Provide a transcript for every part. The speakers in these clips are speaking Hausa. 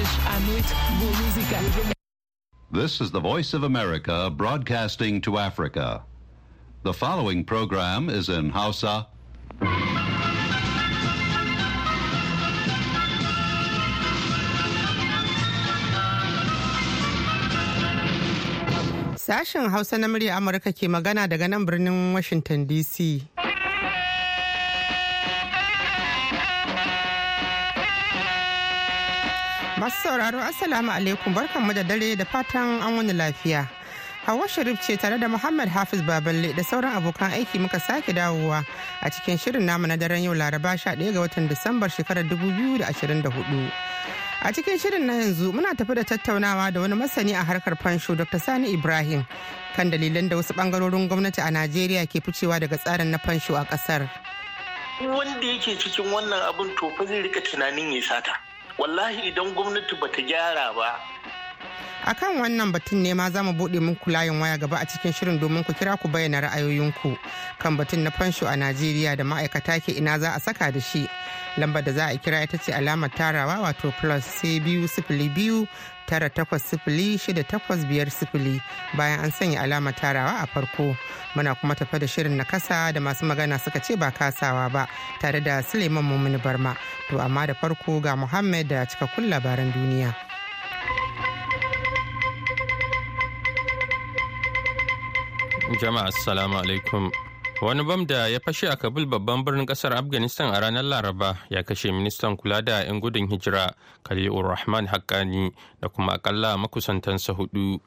dias à noite, This is the Voice of America broadcasting to Africa. The following program is in Hausa. Sashen Hausa na murya Amurka ke magana daga nan birnin Washington DC. masu sauraro assalamu alaikum mu da dare da fatan an wani lafiya hawa sharif ce tare da muhammad hafiz baballe da sauran abokan aiki muka sake dawowa a cikin shirin namu na daren yau laraba 11 ga watan disambar shekarar 2024 a cikin shirin na yanzu muna tafi da tattaunawa da wani masani a harkar fansho dr sani ibrahim kan dalilan da wasu bangarorin gwamnati a najeriya ke ficewa daga tsarin na fansho a kasar wanda yake cikin wannan abin to fa zai rika tunanin ya sata wallahi idan gwamnati bata gyara ba a kan wannan batun ne ma za mu buɗe mun layin waya gaba a cikin shirin domin ku kira ku bayyana ra'ayoyinku kan batun na fansho a najeriya da ma'aikata ke ina za a saka da shi lambar da za a kira ita ce alamar tarawa wato plus c biyu sifili biyu tara takwas sifili shida takwas biyar sifili bayan an sanya alamar tarawa a farko muna kuma tafa da shirin na kasa da masu magana suka ce ba kasawa ba tare da suleiman mumini barma to amma da farko ga muhammad da cikakkun labaran duniya. Jama'a assalamu alaikum. Wani bam da ya fashe a Kabul babban birnin kasar Afghanistan a ranar Laraba ya kashe ministan kula da 'yan gudun hijira Khalilur Rahman Haqqani da kuma akalla makusantansa hudu.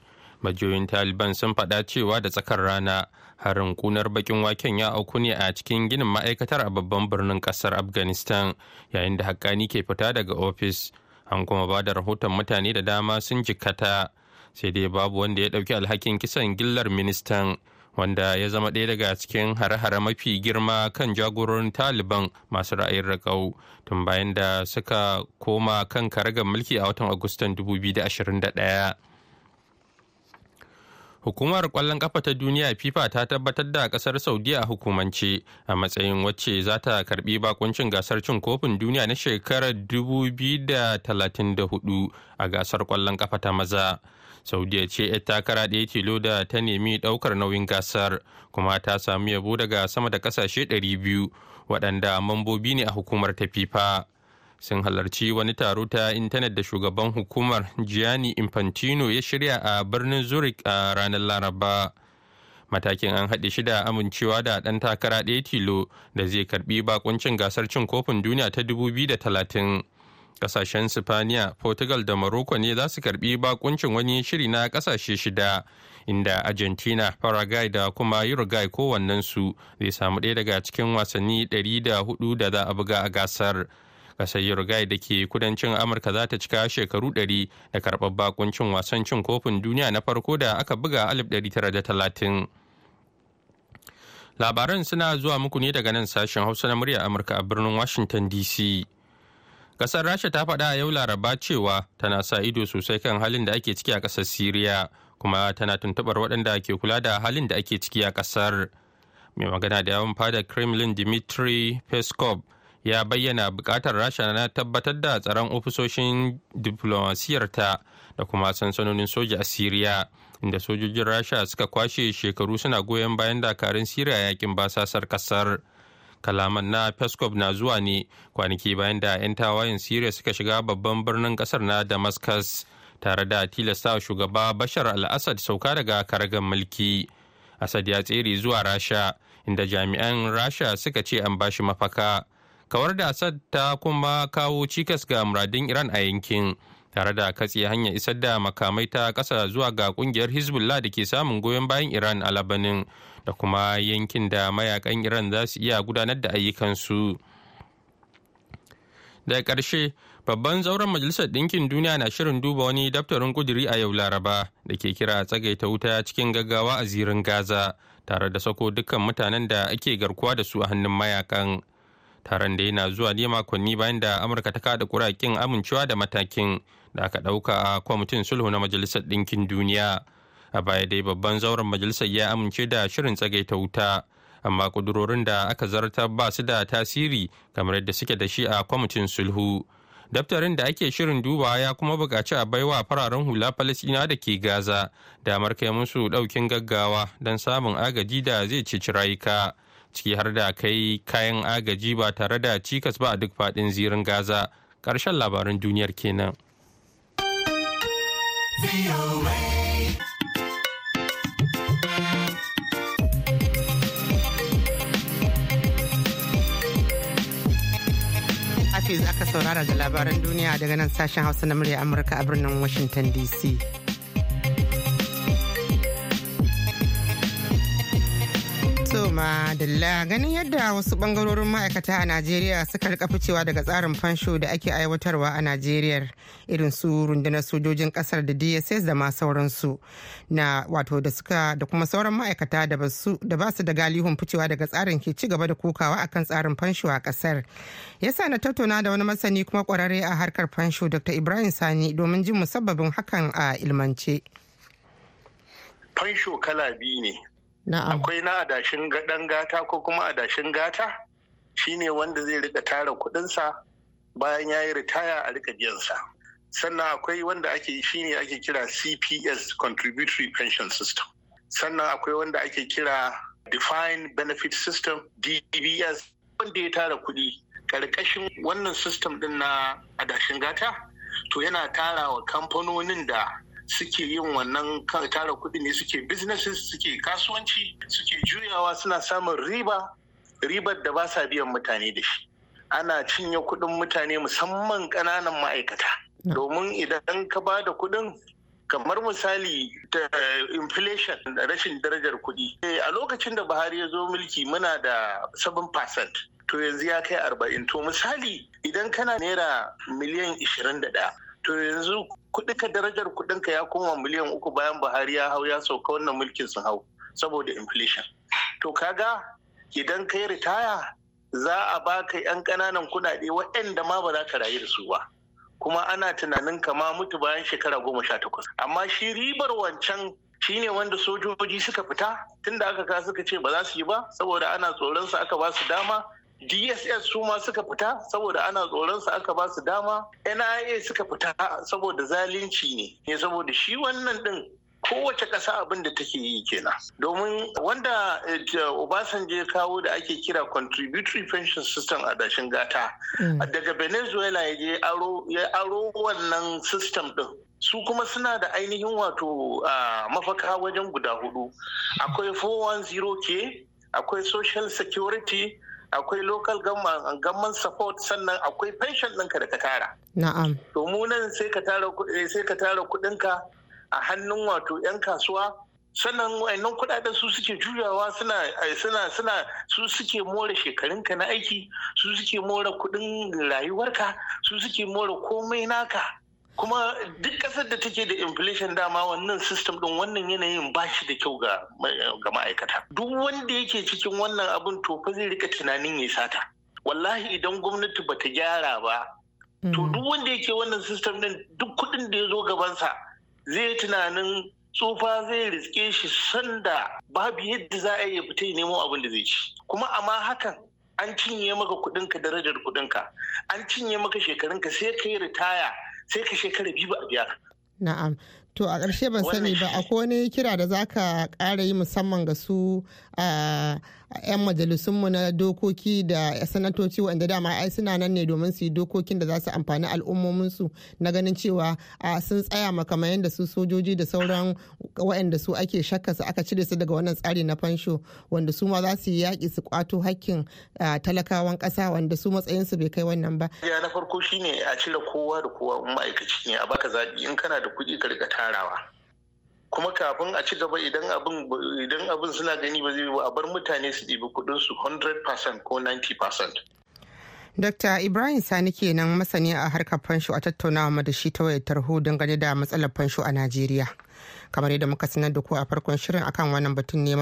Majiyoyin Taliban sun faɗa cewa da tsakar rana harin kunar bakin waken ya auku ne a cikin ginin ma'aikatar a babban birnin kasar Afghanistan yayin da Haqqani ke fita daga ofis. An kuma ba da rahoton mutane da dama sun jikkata sai dai babu wanda ya ɗauki alhakin kisan gillar ministan. wanda ya zama ɗaya daga cikin hare-hare mafi girma kan jagororin taliban masu ra'ayin raƙau tun bayan da suka koma kan karagar mulki a watan agustan 2021 hukumar kwallon kafa ta duniya fifa ta tabbatar da kasar saudiya a hukumance a matsayin wacce za ta karbi bakuncin gasar cin kofin duniya na shekarar 2034 a gasar kwallon kafa ta maza saudiya ce 'yar takara ɗaya tilo da ta nemi ɗaukar nauyin gasar kuma ta samu yabo daga sama da ƙasashe ɗari biyu waɗanda mambobi ne a hukumar ta fifa sun halarci wani taro ta intanet da shugaban hukumar gianni infantino ya shirya a birnin zurich a ranar laraba matakin an haɗe shi da amincewa da ɗan takara ɗaya tilo da zai karɓi bakuncin gasar cin kofin duniya ta 2030 kasashen spaniya portugal da morocco ne za su karbi bakuncin wani shiri na kasashe shida inda argentina paraguay da kuma uruguay su zai samu ɗaya daga cikin wasanni 104 da za a buga a gasar kasar uruguay da ke kudancin amurka za ta cika shekaru 100 da karɓar bakuncin wasan cin kofin duniya na farko da aka buga 1930 labaran suna zuwa muku ne daga nan sashen hausa na murya amurka a birnin washington dc Kasar Rasha ta faɗa a yau Laraba cewa tana sa ido sosai kan halin da ake ciki a ƙasar Siriya kuma tana tuntuɓar waɗanda ke kula da halin da ake ciki a ƙasar. Mai magana da yawan fada Kremlin Dmitry Peskov ya bayyana buƙatar Rasha na tabbatar da tsaron ofisoshin diplomasiyarta da kuma sansanonin soja a Siriya. inda sojojin rasha suka kwashe shekaru suna goyon bayan dakarun siriya yakin basasar kasar kalaman na peskov na zuwa ne kwanaki bayan da 'yan tawayen siriya suka shiga babban birnin kasar na damascus tare da tilasta shugaba bashar al-assad sauka daga karagan mulki asad ya tsere zuwa rasha inda jami'an rasha suka ce an bashi mafaka kawar da assad ta kuma kawo cikas ga muradin iran a yankin tare da katse hanyar isar da makamai ta kasa zuwa ga kungiyar hezbollah da ke samun goyon bayan iran a labanin da kuma yankin da mayakan iran za su iya gudanar da ayyukansu daga ƙarshe babban zauren majalisar ɗinkin duniya na shirin duba wani daftarin kuduri a yau laraba da ke kira tsagaita wuta cikin gaggawa a zirin gaza tare da sako dukkan mutanen da ake garkuwa da su a hannun mayakan taron da yana zuwa ne makonni bayan da amurka ta kada kurakin amincewa da matakin da aka ɗauka a kwamitin sulhu na majalisar ɗinkin duniya a baya dai babban zauren majalisar ya amince da shirin tsagaita wuta amma kudurorin da aka zartar ba su da tasiri kamar yadda suke da shi a kwamitin sulhu daftarin da ake shirin duba ya kuma buƙaci a baiwa fararen hula falasina da ke gaza damar kai musu ɗaukin gaggawa don samun agaji da zai ci rayuka ciki har da kai kayan agaji ba tare da cikas ba a duk faɗin zirin gaza ƙarshen labarin duniyar kenan. Hafiz aka saurara da labaran duniya daga nan sashen Hausa na murya Amurka a birnin Washington DC. To dala ganin yadda wasu bangarorin ma'aikata a Najeriya suka rika ficewa daga tsarin fansho da ake aiwatarwa a Najeriya irin su rundunar sojojin kasar da DSS da ma sauransu na wato da suka da kuma sauran ma'aikata da ba su da galihun ficewa daga tsarin ke ci gaba da kokawa akan tsarin fansho a kasar. Yasa na tattauna da wani masani kuma kwararre a harkar fansho Dr. Ibrahim Sani domin jin musabbabin hakan a ilmance. Fansho kala biyu ne akwai na adashin ɗan gata ko kuma adashin gata shine wanda zai rika tara kuɗinsa bayan ya yi ritaya a rika biyansa sannan akwai wanda ake shine ake kira cps contributory pension system sannan akwai wanda ake kira defined benefit system dbs wanda ya tara kuɗi karkashin wannan system din na adashin gata to yana tara wa kamfanonin da suke yin wannan tara kuɗi ne suke businesses suke kasuwanci suke juyawa suna samun riba ribar da ba sa biyan mutane da shi ana cinye kuɗin mutane musamman ƙananan ma'aikata domin idan ka ba da kuɗin kamar misali da inflation da rashin darajar kuɗi eh, a lokacin da buhari ya zo mulki muna da 7% to yanzu ya kai 40 to misali idan kana naira miliyan 21 to yanzu kuɗi ka darajar kuɗin ka ya koma miliyan uku bayan buhari ya hau ya sauka wannan mulkin sun hau saboda inflation to kaga idan ka yi ritaya za a baka yan ƙananan kuɗaɗe waɗanda ma ba za ka rayu da su ba kuma ana tunanin kama mutu bayan shekara goma sha takwas amma shi ribar wancan ne wanda sojoji suka fita tunda aka ka suka ce ba za su yi ba saboda ana tsoron su aka ba su dama dss su ma suka fita saboda ana tsoron su aka ba su dama nia suka fita saboda zalunci ne ne eh, saboda shi wannan din kowace ƙasa abin da take yi kenan domin wanda eh, obasanjo ya kawo da ake kira contributory pension system a dashin gata mm. daga venezuela ya aro wannan system din su kuma suna da ainihin wato ah, mafaka wajen guda hudu akwai 410k akwai social security akwai local government support sannan akwai pension ɗinka da ka tara. Na'am. To sai ka tara eh, sai ka tara kuɗinka a hannun wato 'yan kasuwa sannan wayannan kuɗaɗen su suke juyawa suna eh, suna suna su suke more shekarunka na aiki su suke more kuɗin rayuwarka su suke more komai naka. kuma duk ƙasar da take da inflation dama wannan system din wannan yanayin ba shi da kyau ga ma'aikata duk wanda yake cikin wannan abin to fa zai rika tunanin ya sata wallahi idan gwamnati bata gyara ba to hmm. duk wanda yake wannan system din duk kudin da ya zo gabansa zai tunanin tsufa zai riske shi sanda babu yadda za a yi fita ya nemo abin da zai ci kuma amma hakan an cinye maka kuɗinka darajar kudinka an cinye maka shekarunka sai ka yi ritaya sai ka shekara biyu ba a biya na'am to a ƙarshe ban sani ba akwai wani kira da zaka ƙara yi musamman ga su 'yan majalisunmu na dokoki da sanatoci wanda dama ai suna nan ne domin su yi dokokin da za su amfani al'ummominsu na ganin cewa sun tsaya makamayan da su sojoji da sauran waɗanda su ake shakka su aka cire su daga wannan tsari na fansho wanda su ma za su yi yaƙi su kwato hakkin talakawan ƙasa wanda su matsayinsu bai kai wannan ba. ya na farko shine a cire kowa da kowa in ma'aikaci ne a baka zaɓi in kana da kuɗi ka riga tarawa. kuma kafin a ci gaba idan abin suna gani ba zai a bar mutane su ɗibi kuɗin su 100% ko 90%. Dr. Ibrahim Sani kenan masani a harkar fansho a tattaunawa da shi ta wayar tarho dangane da matsalar fansho a Najeriya. kamar yadda muka sanar da ku a farkon shirin akan wannan batun ne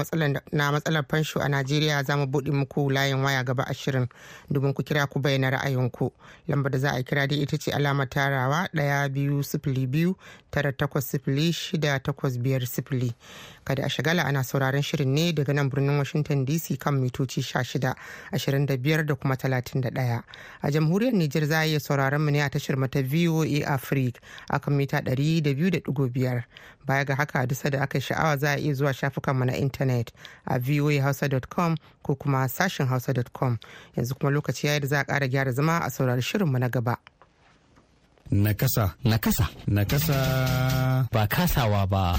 na matsalar fansho a najeriya za mu buɗe muku layin waya gaba a shirin domin ku kira ku bayyana ra'ayinku lambar da za a kira dai ita ce alamar tarawa ɗaya biyu sifili biyu tara takwas sifili shida takwas biyar sifili kada a shagala ana sauraron shirin ne daga nan birnin washington dc kan mitoci sha shida ashirin da biyar da kuma talatin da ɗaya a jamhuriyar niger za a iya sauraron mu ne a tashar mata voa africa akan mita ɗari da da biyu biyar. baya ga haka dusa da aka sha'awa za a iya zuwa shafukanmu na intanet a voahausa.com ko kuma sashen hausa.com yanzu kuma lokaci ya yi da za a kara gyara zama a saurari shirinmu na gaba. Nakasa. Nakasa. Nakasa. Ba kasawa ba.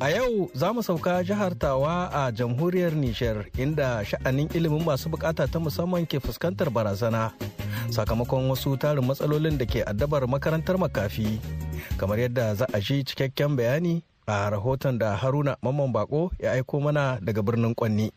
A yau za mu sauka jihar Tawa a jamhuriyar Nijar inda sha'anin ilimin masu bukata ta musamman ke fuskantar barazana sakamakon wasu tarin matsalolin da ke addabar makarantar makafi. Kamar yadda za a ji cikakken bayani a rahoton da Haruna Mamman Bako ya aiko mana daga birnin Kwanni.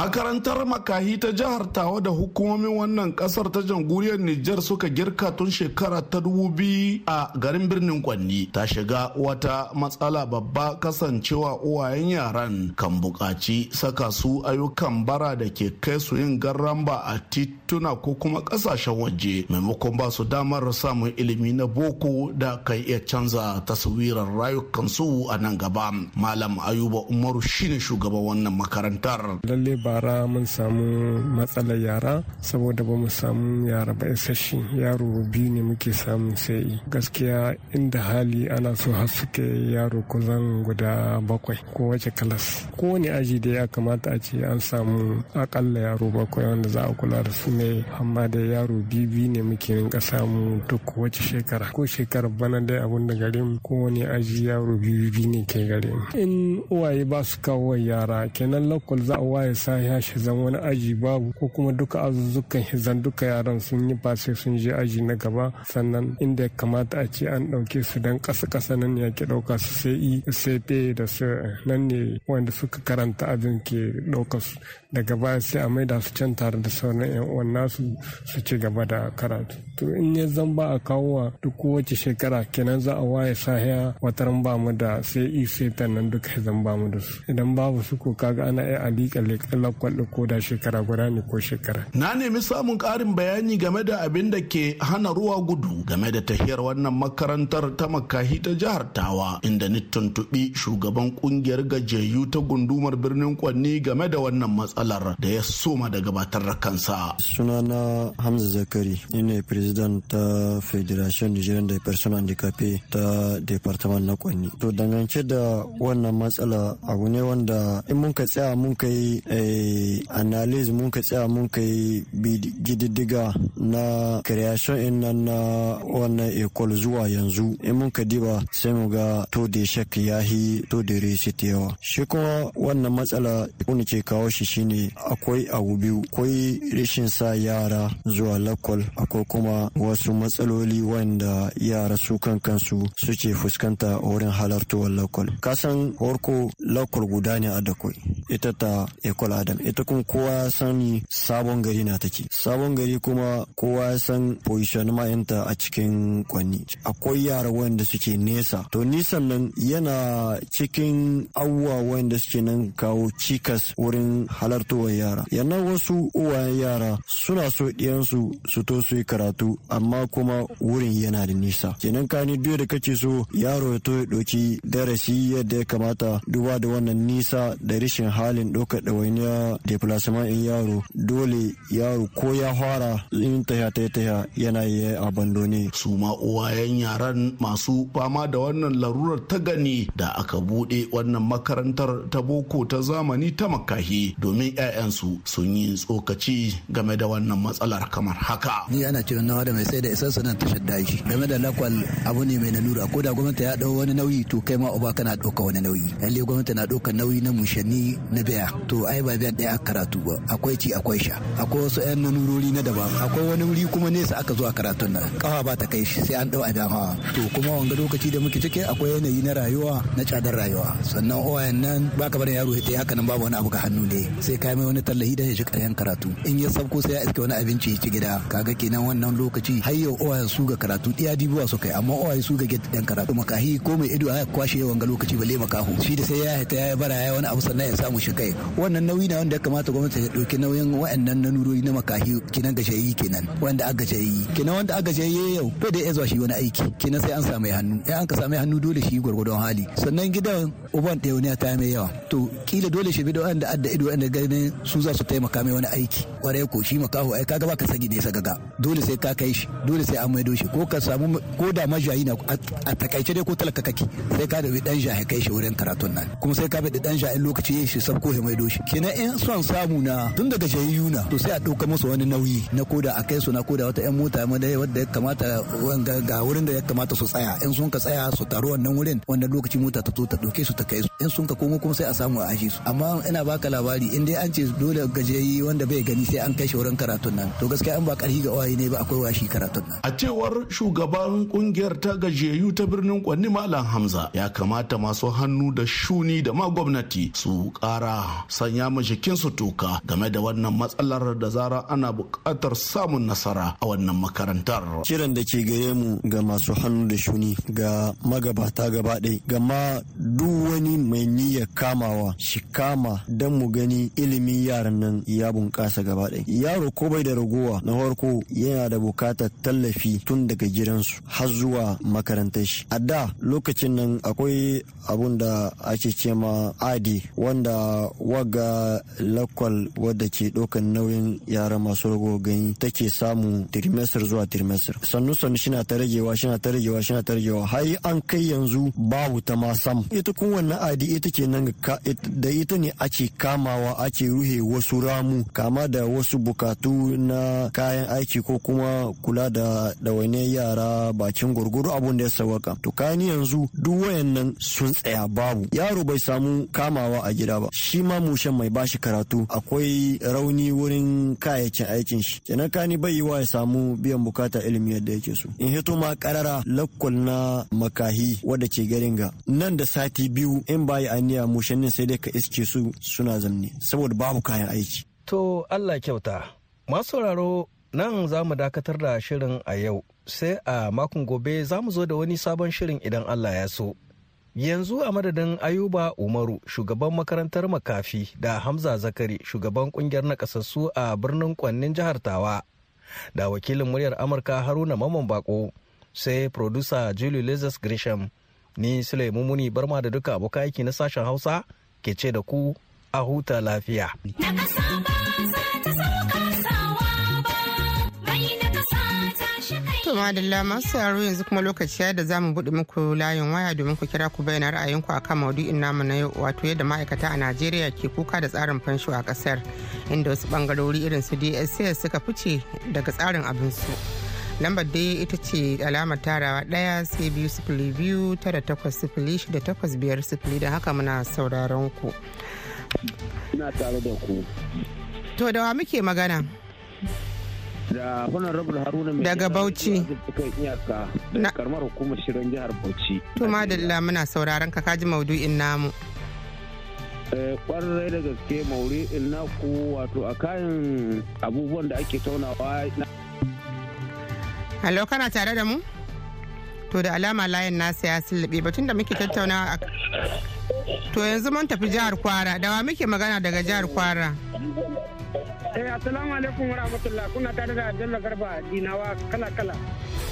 makarantar makahi ta jihar tawa da hukumomin wannan kasar ta jamhuriyar nijar suka girka tun shekara ta biyu a garin birnin kwanni ta shiga wata matsala babba kasancewa uwayen yaran kan buƙaci saka su ayyukan bara da ke kai su yin garamba a tituna ko kuma ƙasashen waje maimakon ba su damar samun ilimi na boko da kan iya canza taswirar rayukansu a nan gaba malam ayuba umaru shine shugaban wannan makarantar bara mun samu matsalar yara saboda ba mu samu yara ba isasshe yaro biyu ne muke samu sai gaskiya inda hali ana so har suke yaro kusan guda bakwai ko wace kalas kowane aji da ya kamata a ce an samu akalla yaro bakwai wanda za a kula da su ne amma da yaro biyu-biyu ne muke rinka samu duk wace shekara ko shekara bana dai abun da gare mu kowane aji yaro biyu ne ke gare mu in uwaye ba su kawo yara kenan lokal za a waye sa ya shi zama wani aji babu ko kuma duka azuzzukan hizan duka yaran sun yi ba sai sun je aji na gaba sannan inda ya kamata a ce an ɗauke su dan kasa kasa nan ya ke ɗauka su sai i sai pe da su nan ne wanda suka karanta abin ke ɗauka su daga baya sai a maida su can tare da sauran yan uwan nasu su ci gaba da karatu to in ya zan ba a kawo wa duk wace shekara kenan za a waye sahiya ran ba mu da sai i sai ta nan duka zan ba mu da su idan babu su ko kaga ana iya liƙa-liƙa ɗin ko shekara guda ne ko shekara. Na nemi samun ƙarin bayani game da abin da ke hana ruwa gudu game da tahiyar wannan makarantar ta makahi ta jihar Tawa inda ni tuntuɓi shugaban ƙungiyar gajeyu ta gundumar birnin Kwanni game da wannan matsalar da ya soma da gabatar da kansa. Sunana Hamza Zakari ne president ta Federation Nigerian da Person Handicapé ta Departement na Kwanni. To dangance da wannan matsala abu ne wanda in mun ka tsaya mun kai eh, yi analyze mun ka tsaya mun ka yi gididdiga na creation in nan na wannan ecole zuwa yanzu in mun ka diba sai mu ga to da shak ya hi to da receipt yawa shi kuma wannan matsala kuna ke kawo shi shine akwai abu biyu akwai rashin sa yara zuwa lakwal akwai kuma wasu matsaloli wanda yara su kan kansu suke fuskanta wurin halartowar lakwal kasan horko lakwal guda ne a da dakwai ita ta ecole adam ita kuma kowa ya sani sabon gari na take sabon gari kuma kowa ya san position ma'inta a cikin kwanni akwai yara wanda suke nesa to nisan nan yana cikin abubuwa wanda suke nan kawo cikas wurin halartowar yara yana wasu uwayen yara suna so diyansu su to su yi karatu amma kuma wurin yana da nisa kenan ka ni duk da kake so yaro ya to ya ɗauki darasi yadda ya kamata duba da wannan nisa da rashin halin ɗaukar ɗawainiya ta deflasement in yaro dole yaro ko ya fara in tahiya ta tahiya yana yi abandone su ma uwayen yaran masu fama da wannan larurar ta gani da aka bude wannan makarantar ta boko ta zamani ta makahi domin 'ya'yansu sun yi tsokaci game da wannan matsalar kamar haka ni ana cewa nawa da mai sai da isassu nan tashar daji game da lakwal abu ne mai lalura ko da gwamnati ya dau wani nauyi to kai ma uba kana dauka wani nauyi lalle gwamnati na dauka nauyi na mushani na biya to ai ba tarbiyyar ɗaya karatu ba akwai ci akwai sha akwai wasu 'yan nanurori na daban akwai wani wuri kuma nesa aka zuwa karatun nan kawa ba ta kai sai an ɗau a dama to kuma wanga lokaci da muke ciki akwai yanayi na rayuwa na tsadar rayuwa sannan oyan nan ka bari yaro ya haka nan babu wani abu ga hannu ne sai ka mai wani tallahi da ya shi ƙaryan karatu in ya sabko sai ya iske wani abinci ya ci gida kaga kenan wannan lokaci har yau oyan su ga karatu ɗiya dibuwa su kai amma oyan su ga gidan karatu makahi ko mai ido a kwashe yawan ba le balle makahu shi da sai ya ta ya bara ya wani abu sannan ya samu shi kai wannan nauyi ne wanda ya kamata gwamnati ta ɗauki nauyin wa'annan nanurori na makahi kinan gashayi kenan wanda aka jayi kenan wanda aka jayi yau bai da ya zuwa shi wani aiki kenan sai an samu hannu in an ka samu hannu dole shi gwargwadon hali sannan gidan uban ɗauniya ta mai yawa to kila dole shi bido da adda ido wanda gani su za su taimaka mai wani aiki kwarai ko shi makaho ai kaga baka sagi nesa gaga dole sai ka kai shi dole sai an maido shi ko ka samu ko da majayi na a takaice dai ko talaka kake sai ka da dan jahi kai shi wurin karatun nan kuma sai ka bi dan jahi lokaci yayin shi ko ya maido shi kina in son samu na tun daga jahiyu na to sai a ɗauka musu wani nauyi na koda a kai su na koda wata yan mota ma dai wanda ya kamata ga wurin da ya kamata su tsaya in sun ka tsaya su taru wannan wurin wannan lokaci mota ta zo ta dauke su ta kai su in sun ka komo kuma sai a samu a aji su amma ina baka labari in dai an ce dole gajiyayi wanda bai gani sai an kai shi wurin karatun nan to gaskiya an ba karhi ga waye ne ba akwai washi karatun nan a cewar shugaban kungiyar ta gajiyayyu ta birnin Kwanni Malam Hamza ya kamata masu hannu da shuni da ma gwamnati su kara sanya ma su toka game da wannan matsalar da zara ana bukatar samun nasara a wannan makarantar. Kiran da ke gare mu ga masu hannu da shuni ga magabata gaba ɗaya ga duk wani mai niyyar kamawa shi kama don mu gani ilimin yaran nan ya bunƙasa gaba ɗaya yaro ko bai da ragowa na farko yana da bukatar tallafi tun daga gidansu har zuwa makarantar shi a da lokacin nan akwai abun da ake ce ma adi wanda waga lakwal wadda ke ɗaukar nauyin yara masu ragowa gani take samu trimester zuwa trimester sannu sannu shina ta ragewa shina ta ragewa shina ta ragewa har an kai yanzu babu ta ma sam ita kuma wannan adi ita ke nan da ita ne ake kamawa ake ruhe wasu ramu kama da wasu bukatu na kayan aiki ko kuma kula da ɗawainiyar yara bakin gurguru abun da ya sawaka to kani yanzu duk wayannan sun tsaya babu yaro bai samu kamawa a gida ba shi ma mushen mai bashi karatu akwai rauni wurin kayayyakin aikin shi kenan kani bai yi wa ya samu biyan bukata ilimi yadda yake so in hito ma karara lakkol na makahi wadda ke garin ga nan da sati biyu biyu in bayi aniya mushannin sai dai ka iske su suna zamne saboda babu kayan aiki to Allah kyauta masu sauraro nan za mu dakatar da shirin a yau sai a makon gobe za mu zo da wani sabon shirin idan Allah ya so yanzu a madadin ayuba umaru shugaban makarantar makafi da hamza zakari shugaban kungiyar nakasassu a birnin kwannin jihar tawa da wakilin muryar amurka haruna mamman bako sai producer julie lizas grisham ni Sulaiman Muni Barma da duka abokan aiki na sashen Hausa ke ce da ku a huta lafiya. To madalla masu yaro yanzu kuma lokaci ya da zamu buɗe muku layin waya domin ku kira ku bayyana ra'ayinku akan maudu'in namu na yau wato yadda ma'aikata a Najeriya ke kuka da tsarin fansho a ƙasar inda wasu bangarori irin su DSS suka fice daga tsarin abin su. lambar dai ita ce alamar tarawa ɗaya sai biyu sifili biyu tara takwas sifili shida takwas biyar sifili Da haka muna sauraron ku. Ina tare da ku. To da wa muke magana? Da Honorable Haruna mai daga Bauchi. Da karamar hukumar shirin jihar Bauchi. To madalla muna sauraron ka kaji maudu'in namu. Eh, kwarai da gaske maure naku wato a kayan abubuwan da ake taunawa na. Hello kana tare da mu? To da alama layin nasa ya sullube batun da muke tattaunawa To yanzu mun tafi jihar Kwara da wa muke magana daga jihar Kwara. Eh assalamu alaikum wa rahmatullah kuna tare da Abdulla Garba Dinawa kala kala.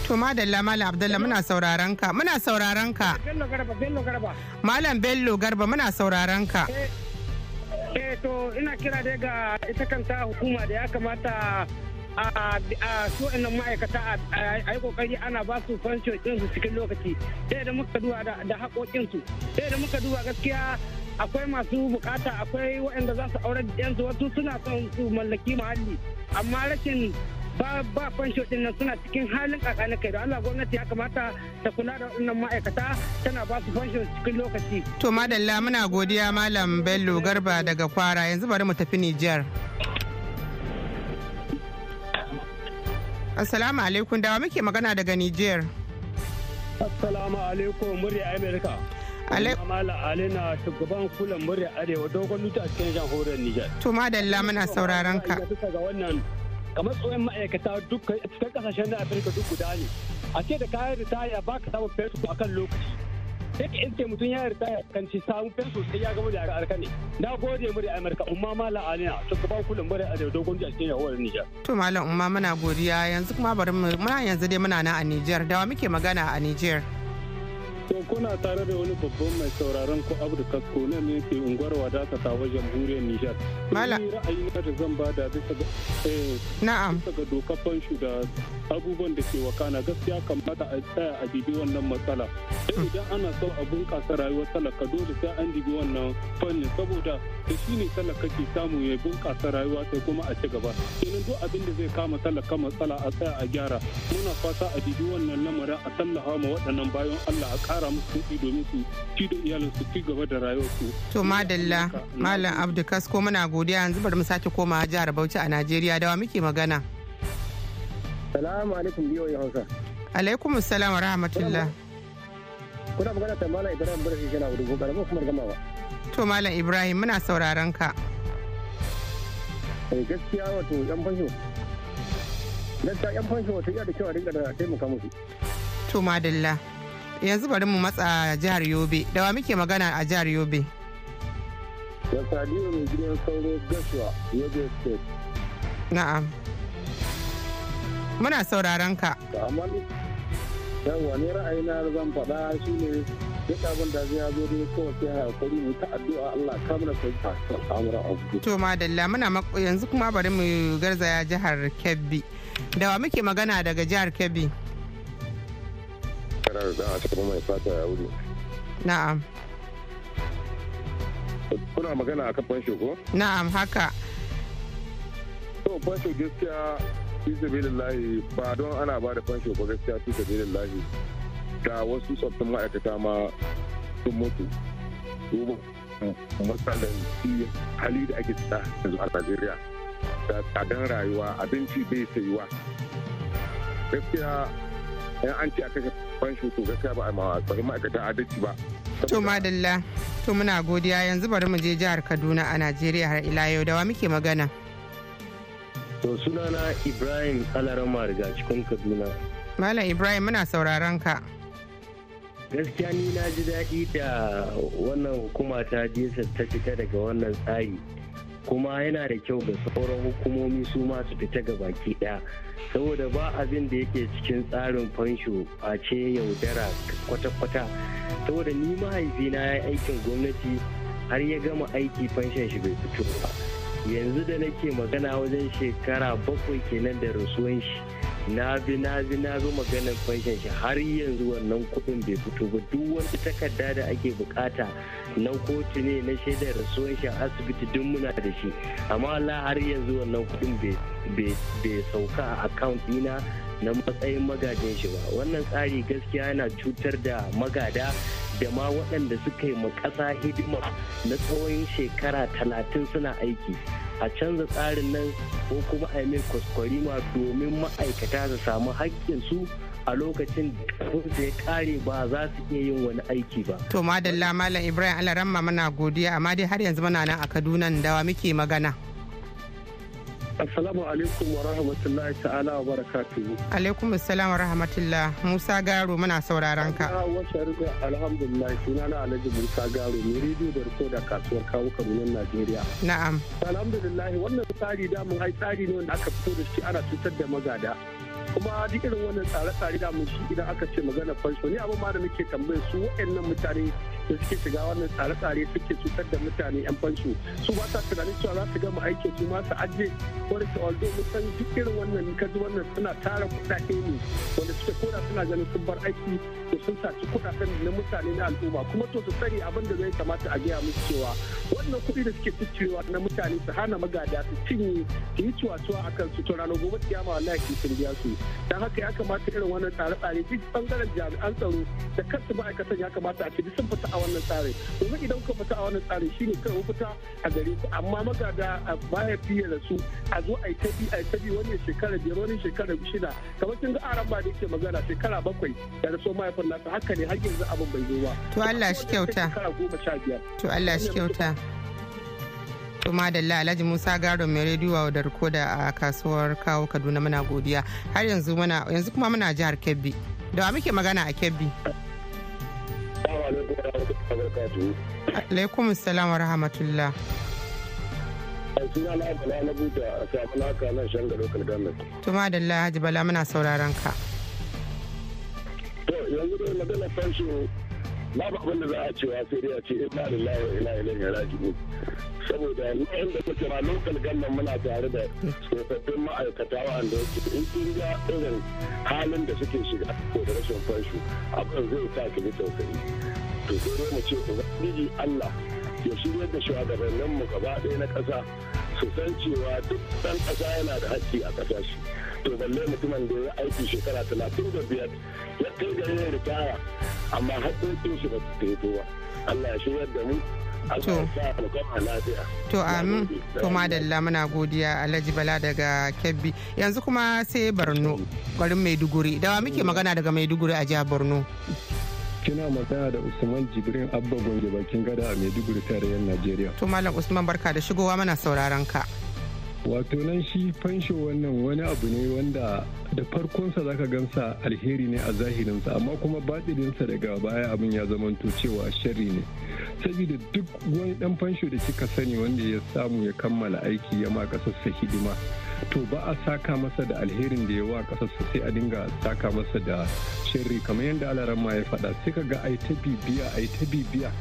To madalla Malam Abdulla muna sauraron ka muna sauraron ka. Bello Garba Bello Garba. Malam Bello Garba muna sauraron ka. Eh, eh to ina kira daga ita kanta hukuma da ya kamata a su ma'aikata a yi kokari ana ba su fansho su cikin lokaci sai da muka duba da haƙoƙinsu sai da muka duba gaskiya akwai masu bukata akwai waɗanda za su aure yanzu wasu suna son su mallaki muhalli amma rashin ba ba fansho nan suna cikin halin kakani kai da Allah gwamnati ya kamata ta kula da wannan ma'aikata tana ba su fansho cikin lokaci to madalla muna godiya malam Bello Garba daga Kwara yanzu bari mu tafi Nijar Assalamu alaikum dawa muke magana daga Nijar. Assalamu alaikum murya Amerika. Mala Ali na shugaban kulan murya Arewa dogon luta a cikin jamhuriyar Nijar. To madalla muna sauraron ka. ga wannan kamar tsohon ma'aikata dukkan kasashen na Afirka duk guda ne. A ce da kayan ritaya ba ka samun fesu a kan lokaci. sai ka mutum ya yarda kan shi samun fensu sai ya gama da arka ne na gode mu da amurka umma malam alina ka ba ku lambari a daidai gwamnati a cikin yawon nijar to malam umma muna godiya yanzu kuma bari mu muna yanzu dai muna nan a nijar dawa muke magana a nijar To kuna tare da wani babban mai sauraron ku da Kasko nan ne ke unguwar wadata ta wajen Buriyar Nijar. Mala. Ni ra'ayi na da zan bada bisa ga eh, Na'am. Bisa ga dokar fanshu da abubuwan da ke wakana gaskiya kamata a tsaya a didi wannan matsala. Sai hmm. idan ana so a bunƙasa rayuwar talaka dole sai an dibi wannan fannin saboda da shi ne talaka ke samu ya bunƙasa rayuwa sai kuma a ci gaba. Kenan duk abin da zai kama talaka matsala a tsaya a gyara. Muna fata a didi wannan lamarin a tallafa ma waɗannan bayan Allah a kara musu kuɗi domin su ci da iyalin su ci gaba da rayuwarsu. To madalla Malam Abdu Kasko muna godiya yanzu bari mu sake komawa jihar Bauchi a Najeriya dawa muke magana. Salamu alaikum biyo ya Hausa. Alaikum salam wa rahmatullah. Kuna magana ta Malam Ibrahim Barshi kana gudu karamin kuma gamawa. To Malam Ibrahim muna sauraron ka. Eh gaskiya wato yan fansho. Dan ta yan fansho wato iya da kyau a rinka da taimaka musu. To madalla. yanzu bari mu matsa jihar yobe da wa muke magana a jihar yobe na'am muna sauraron ka amma yawa ne ra'ayina zan faɗa ne duk abin da zai zo dai kawai sai hakuri mu ta addu'a Allah ka mana sauka al'amuran abu to madalla muna yanzu kuma bari mu garzaya jihar Kebbi da wa muke magana daga jihar Kebbi fata ya wuri. Kuna magana a kan ko? Na'am haka. To fansho gaskiya fi sabilillahi ba don ana ba da fansho ba gaskiya fi sabilillahi da wasu tsoffin ma'aikata ma sun mutu. Dubu. matsalar hali da ake tsada yanzu a Najeriya. Da tsadan rayuwa abinci bai sayuwa. Gaskiya in an ce a kashe shi, to gaskiya ba a ma bari ma'aikata adalci ba. to madalla to muna godiya yanzu bari mu je jihar kaduna a najeriya har ila yau dawa muke magana. to sunana ibrahim alarama daga cikin kaduna. malam ibrahim muna sauraron ka. gaskiya ni na ji daɗi da wannan hukuma ta jesa ta fita daga wannan tsari kuma yana da kyau ga sauran hukumomi su masu fita ga baki daya saboda ba abin da yake cikin tsarin fansho face yaudara kwata-kwata saboda ni mahaifina ya yi aikin gwamnati har ya gama aiki fanshon shi bai fito ba yanzu da nake magana wajen shekara bakwai kenan da rasuwan shi na bi na bi na bi maganar fanshin shi har yanzu wannan kuɗin bai fito ba duk wani takarda da ake bukata na kotu ne na shaidar rasuwar shi asibiti duk muna da shi amma Allah har yanzu wannan kuɗin bai sauka a account dina na matsayin magajin shi ba wannan tsari gaskiya yana cutar da magada da ma waɗanda suka yi ma ƙasa hidima na tsawon shekara talatin suna aiki a canza tsarin nan ko kuma a mai kwaskwarima domin ma'aikata su samu su a lokacin da ya kare ba za su iya yin wani aiki ba. To madalla Malam Ibrahim Alaramma muna godiya amma dai har yanzu muna nan a Kaduna dawa muke magana. Assalamu alaikum wa rahmatullahi ta'ala wa barakatuhu. Alaikum assalam wa rahmatullah. Musa Garo muna sauraron ka. Ah wasa alhamdulillah na Alhaji Musa Garo ne rediyo da riko da kasuwar kawo Kadunan Najeriya. Na'am. Alhamdulillah wannan tsari da mun ai tsari ne wanda aka fito da shi ana cutar da magada. kuma duk irin wannan tsare-tsare da mun shi idan aka ce magana fansho ne abin ma da muke tambayar su waɗannan mutane da suke shiga wannan tsare-tsare suke cutar da mutane yan fansu su ba sa tunanin cewa za su gama aikin su ma ajiye wani su aldo san duk irin wannan kaji wannan suna tara kuɗaɗe ne wanda suke koda suna ganin sun bar aiki da sun saci kuɗaɗen na mutane na al'umma kuma to su sani abin da zai kamata a gaya musu cewa wannan kuɗi da suke ciccirewa na mutane su hana magada su cinye su yi cuwa-cuwa a kan to ranar gobe kiyama wallahi sun biya su don haka ya kamata irin wannan tsare-tsare duk bangaren jami'an tsaro da kansu ma'aikatan ya kamata a ce sun fita a wannan tsarin yanzu idan kuka fita a wannan tsarin shine kai ku fita a gare ku amma magada baya fiye da su a zo a yi tabi a yi tabi wani shekara biyar wani shekara shida kamar kin ga aran ba da yake magana shekara bakwai da raso mahaifin nasa haka ne har yanzu abin bai zo ba to Allah shi kyauta to Allah shi kyauta to madalla alhaji musa garo mai rediyo da a kasuwar kawo kaduna muna godiya har yanzu muna yanzu kuma muna jihar kebbi da muke magana a kebbi alaikum salam wa rahmatullah suna na bala na buta a samu naka nan shanga local government tuma da lahaji bala muna sauraron ka to yanzu dai magana fashin babu abin da za a cewa sai dai a ce ina lillahi wa ina ilaihi raji'un saboda yanzu inda kuke ma lokal gannan muna tare da tsofaffin ma'aikata wanda yake in kin ga irin halin da suke shiga ko da rashin fanshu abin zai sa ki tausayi to sai dai mu ce ubangiji Allah ya shirya da shugabannin mu gaba ɗaya na ƙasa su san cewa duk ɗan ƙasa yana da haƙƙi a ƙasashe to balle mutumin da ya aiki shekara talatin da biyar ya kai da yin ritaya amma haƙoƙin shi ba su taito ba Allah ya shigar da mu To, to amin, to madalla muna godiya Alhaji Bala daga Kebbi. Yanzu kuma sai Borno, garin Maiduguri. Dawa muke magana daga Maiduguri a jihar Borno. Kina magana da Usman Jibrin Abba Gwange bakin gada a Maiduguri tarayyar Najeriya. To Malam Usman barka da shigowa mana sauraron ka. wato nan shi fansho wannan wani abu ne wanda da farkonsa zaka gansa alheri ne a zahirinsa amma kuma batsirinsa daga baya abin ya zamanto cewa sharri ne saboda duk wani dan fansho da kika sani wanda ya samu ya kammala aiki ya ma kasarsa hidima to ba a saka masa da alherin da yawa kasarsa sai a dinga saka masa da sharri kamar yadda alaran ya faɗa sai ka ga ai ta bibiya ai ta bibiya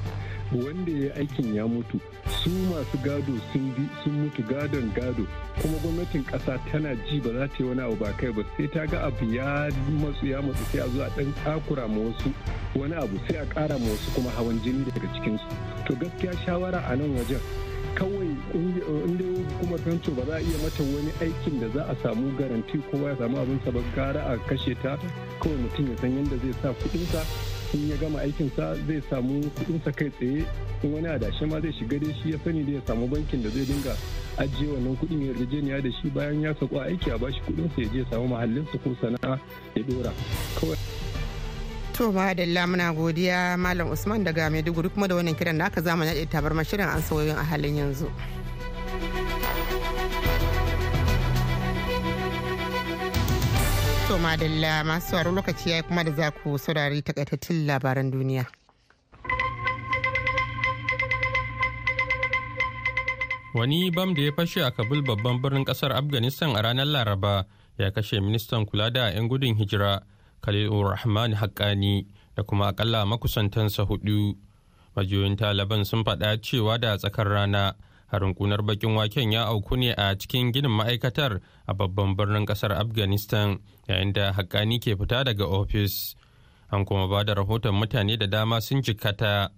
wanda ya aikin ya mutu su masu gado sun mutu gadon gado kuma gwamnatin kasa tana ji ba za ta yi wani abu ba kai ba sai ta ga abu ya matsu ya matsu sai a zo a dan takura ma wasu wani abu sai a kara ma wasu kuma hawan jini daga cikinsu to gaskiya shawara a nan wajen kawai inda hukumar kanto ba za a iya mata wani aikin da za a samu garanti kowa ya samu abinsa ba gara a kashe ta kawai mutum ya san yadda zai sa kuɗinsa in ya gama aikinsa zai samu kuɗinsa kai tsaye in wani adashe ma zai shiga da shi ya sani da ya samu bankin da zai dinga ajiye wannan kudin ya yarjejeniya da shi bayan ya sako aiki a bashi sa ya je samu mahallinsa ko sana'a ya dora kawai to lamuna muna godiya malam usman daga maiduguri kuma da wannan kiran naka zamu naɗe tabarmar shirin an sauyin a halin yanzu. To madalla masu sauraro lokaci ya kuma da za ku saurari takaitattun labaran duniya. Wani bam da ya fashe a Kabul babban birnin kasar Afghanistan a ranar Laraba ya kashe ministan kula da 'yan gudun hijira Khalil Rahman Haqqani da kuma akalla makusantansa hudu. Majiyoyin Taliban sun faɗa cewa da tsakar rana harin bakin waken ya auku ne a cikin ginin ma'aikatar a babban birnin kasar afghanistan yayin da haƙƙani ke fita daga ofis an kuma ba da rahoton mutane da dama sun jikkata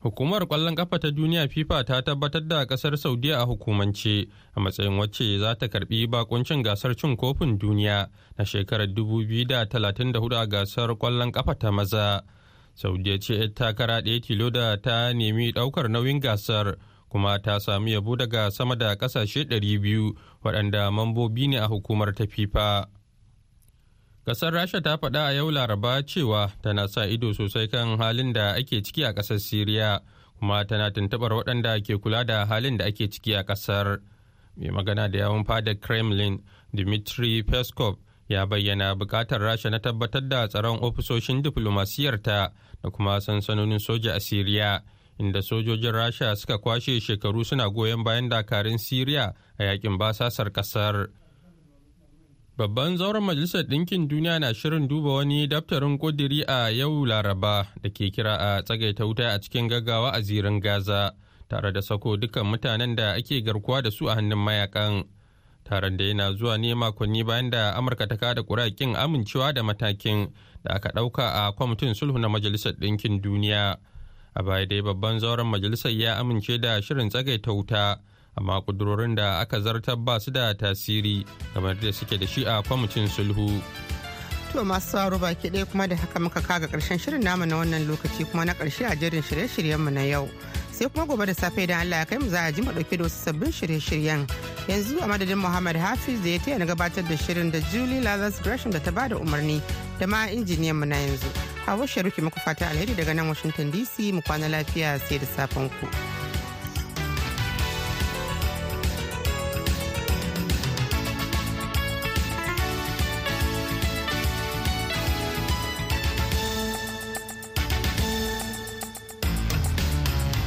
hukumar kwallon kafa ta duniya fifa ta tabbatar da kasar saudiya a hukumance a matsayin wacce za ta karbi bakuncin gasar cin kofin duniya na shekarar 2034 a gasar kwallon kafa ta maza saudiya ce ta kara ɗaya tilo da ta nemi ɗaukar nauyin gasar kuma ta sami yabo daga sama da kasashe 200 waɗanda mambobi ne a hukumar ta fifa ƙasar rasha ta faɗa a yau laraba cewa tana sa ido sosai kan halin da ake ciki a ƙasar siriya kuma tana tuntuɓar waɗanda ke kula da halin da ake ciki a ƙasar mai magana da yawon fadar kremlin dmitry peskov ya bayyana buƙatar rasha na tabbatar da tsaron ofisoshin diflomasiyarta da kuma sansanonin soja a siriya inda sojojin rasha suka kwashe shekaru suna goyon bayan dakarun siriya a yakin basasar kasar babban zauren majalisar ɗinkin duniya na shirin duba wani daftarin ƙudiri a yau laraba da ke kira a tsagaita wuta a cikin gaggawa a zirin gaza tare da sako dukkan mutanen da ake garkuwa da su a hannun mayakan taron da yana zuwa ne makonni bayan da amurka ta kada kuraƙin amincewa da matakin da aka ɗauka a kwamitin sulhu na majalisar ɗinkin duniya a baya dai babban zauren majalisar ya amince da shirin tsagaita wuta amma kudurorin da aka zartar ba su da tasiri kamar da suke da shi a kwamitin sulhu to masu sauraro baki ɗaya kuma da haka muka kaga karshen shirin namu na wannan lokaci kuma na karshe a jerin shirye mu na yau sai kuma gobe da safe idan Allah ya kai mu za a ji mu dauke da wasu sabbin shirye-shiryen yanzu a madadin Muhammad Hafiz da ya taya na gabatar da shirin da Julie Lazarus Gresham da ta bada umarni da ma injiniyan mu na yanzu hawa sharuki muku fata alheri daga nan washington dc mu kwana lafiya sai da safen ku.